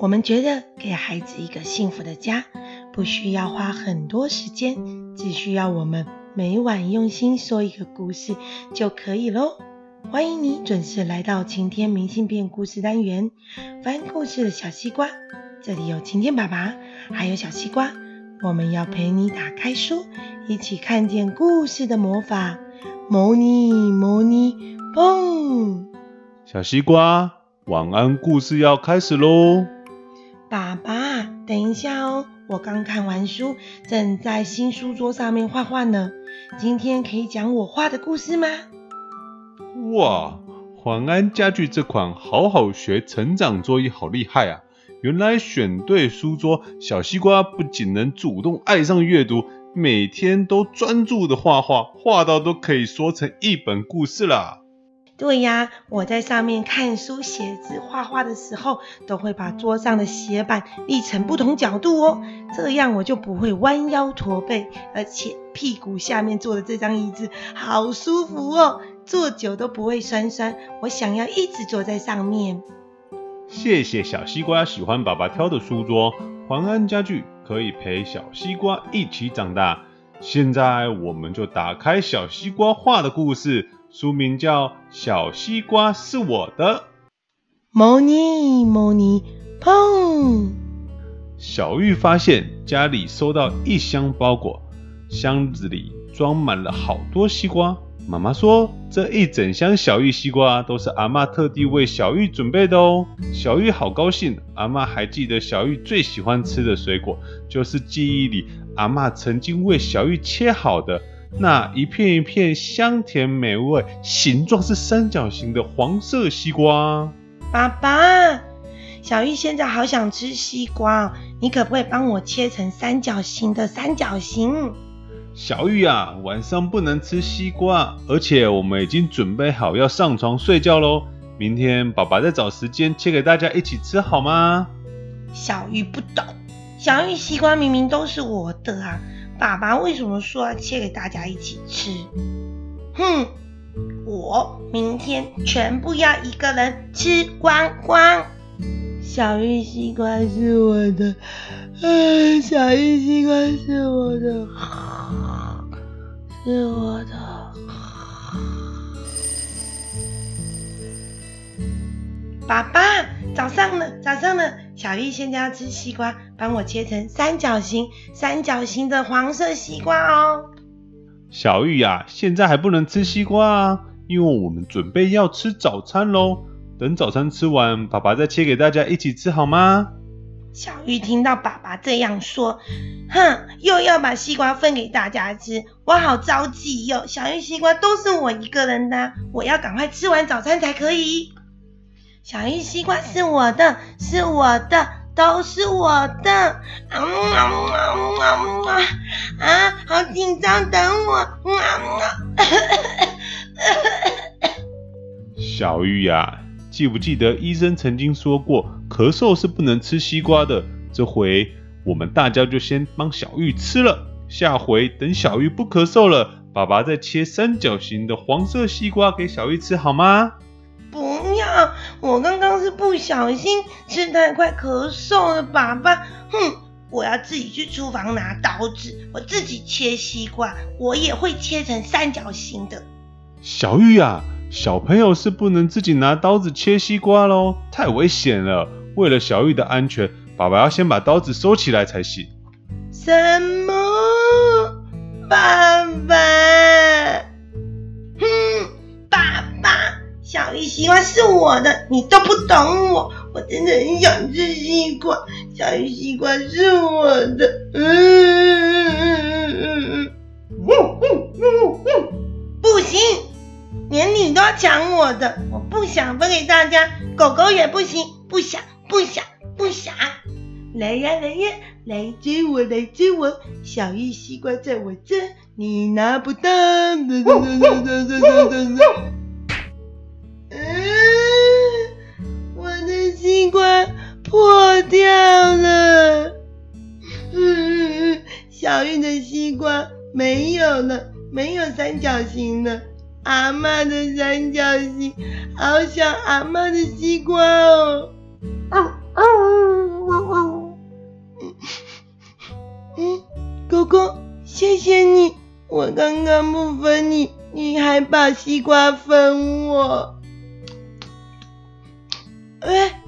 我們覺得給孩子一個幸福的家，不需要花很多時間，只需要我們每晚用心說一個故事就可以咯。歡迎你準時來到晴天明信片故事單元，翻故事的小西瓜，這裡有晴天爸爸，還有小西瓜，我們要陪你打開書，一起看見故事的魔法。摩尼摩尼，砰！小西瓜，晚安故事要開始嘍。爸爸，等一下哦，我剛看完書，正在新書桌上面畫畫呢。今天可以講我畫的故事嗎？哇，環安家具這款好好學成長桌椅好厲害啊！原來選對書桌，小西瓜不僅能主動愛上閱讀，每天都專注的畫畫，畫到都可以說成一本故事啦。對呀，我在上面看書、寫字、畫畫的時候，都會把桌上的斜板立成不同角度哦，這樣我就不會彎腰駝背，而且屁股下面坐的這張椅子好舒服哦，坐久都不會酸酸。我想要一直坐在上面。謝謝小西瓜喜歡爸爸挑的書桌，環安家具可以陪小西瓜一起長大。現在我們就打開小西瓜畫的故事。書名叫《小西瓜是我的》。摩尼摩尼，碰！小玉發現家裡收到一箱包裹，箱子裡裝滿了好多西瓜。媽媽說，這一整箱小玉西瓜都是阿嬤特地為小玉準備的哦。小玉好高興，阿嬤還記得小玉最喜歡吃的水果，就是記憶裡阿嬤曾經為小玉切好的那一片一片香甜美味，形狀是三角形的黃色西瓜。爸爸，小玉現在好想吃西瓜，你可不可以幫我切成三角形的三角形？小玉啊，晚上不能吃西瓜，而且我們已經準備好要上床睡覺嘍。明天爸爸再找時間切給大家一起吃好嗎？小玉不懂，小玉西瓜明明都是我的啊。爸爸為什麼說要切給大家一起吃？哼，我明天全部要一個人吃光光。小玉西瓜是我的，啊，小玉西瓜是我的，是我的，是我的。爸爸，早上呢？早上呢？小玉現在要吃西瓜。幫我切成三角形，三角形的黃色西瓜哦。小玉呀、啊，現在還不能吃西瓜啊，因為我們準備要吃早餐咯。等早餐吃完，爸爸再切給大家一起吃，好嗎？小玉聽到爸爸這樣說，哼，又要把西瓜分給大家吃，我好着急喲、哦。小玉西瓜都是我一個人的，我要趕快吃完早餐才可以。小玉西瓜是我的，是我的。都是我的，啊啊啊嗯啊！啊，好緊張，等我，啊啊！啊小玉呀，啊，記不記得醫生曾經說過，咳嗽是不能吃西瓜的？這回我們大家就先幫小玉吃了，下回等小玉不咳嗽了，爸爸再切三角形的黃色西瓜給小玉吃好嗎？我剛剛是不小心吃太快咳嗽了，爸爸。哼，我要自己去廚房拿刀子，我自己切西瓜，我也會切成三角形的。小玉啊，小朋友是不能自己拿刀子切西瓜嘍，太危險了。為了小玉的安全，爸爸要先把刀子收起來才行。什麼？西瓜是我的，你都不懂我，我真的很想吃西瓜。小玉西瓜是我的，嗯嗯嗯嗯嗯嗯，嗯。嗚嗚嗚嗚，嗯嗯、不行，連你都搶我的，我不想分給大家，狗狗也不行，不想不想不想，不想。來呀來呀，來追我來追我，小玉西瓜在我這，你拿不到。呃呃呃呃呃呃呃呃沒有了，沒有三角形的，阿嬤的三角形，好想阿嬤的西瓜哦！嗯，啊！狗狗，謝謝你，我剛剛不分你，你還把西瓜分我，呃。哎，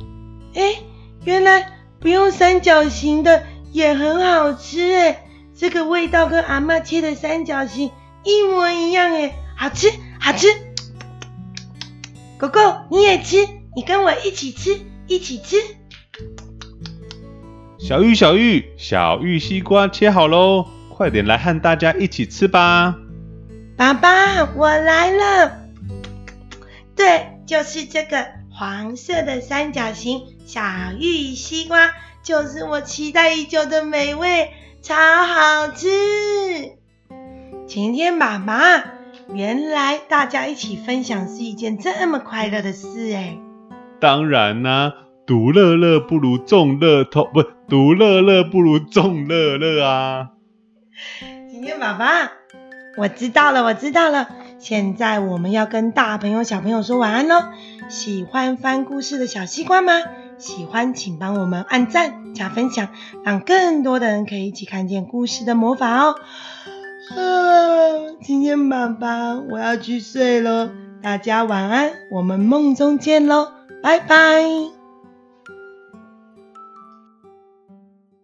哎，原來不用三角形的也很好吃哎。這個味道跟阿嬤切的三角形一模一樣誒，好吃好吃！狗狗，你也吃，你跟我一起吃，一起吃。小玉、小玉、小玉，小玉西瓜切好嘍，快點來和大家一起吃吧。爸爸，我來了。對，就是這個黃色的三角形小玉西瓜，就是我期待已久的美味。超好吃！晴天爸爸，原來大家一起分享是一件這麼快樂的事哎、欸。當然啦、啊，獨樂樂不如眾樂，不，獨樂樂不如眾樂樂啊。晴天爸爸，我知道了，我知道了。現在我們要跟大朋友、小朋友說晚安嘍。喜歡翻故事的小西瓜嗎？喜歡請幫我們按讚加分享，讓更多的人可以一起看見故事的魔法哦。啊，今天寶寶我要去睡了，大家晚安，我們夢中見嘍，拜拜。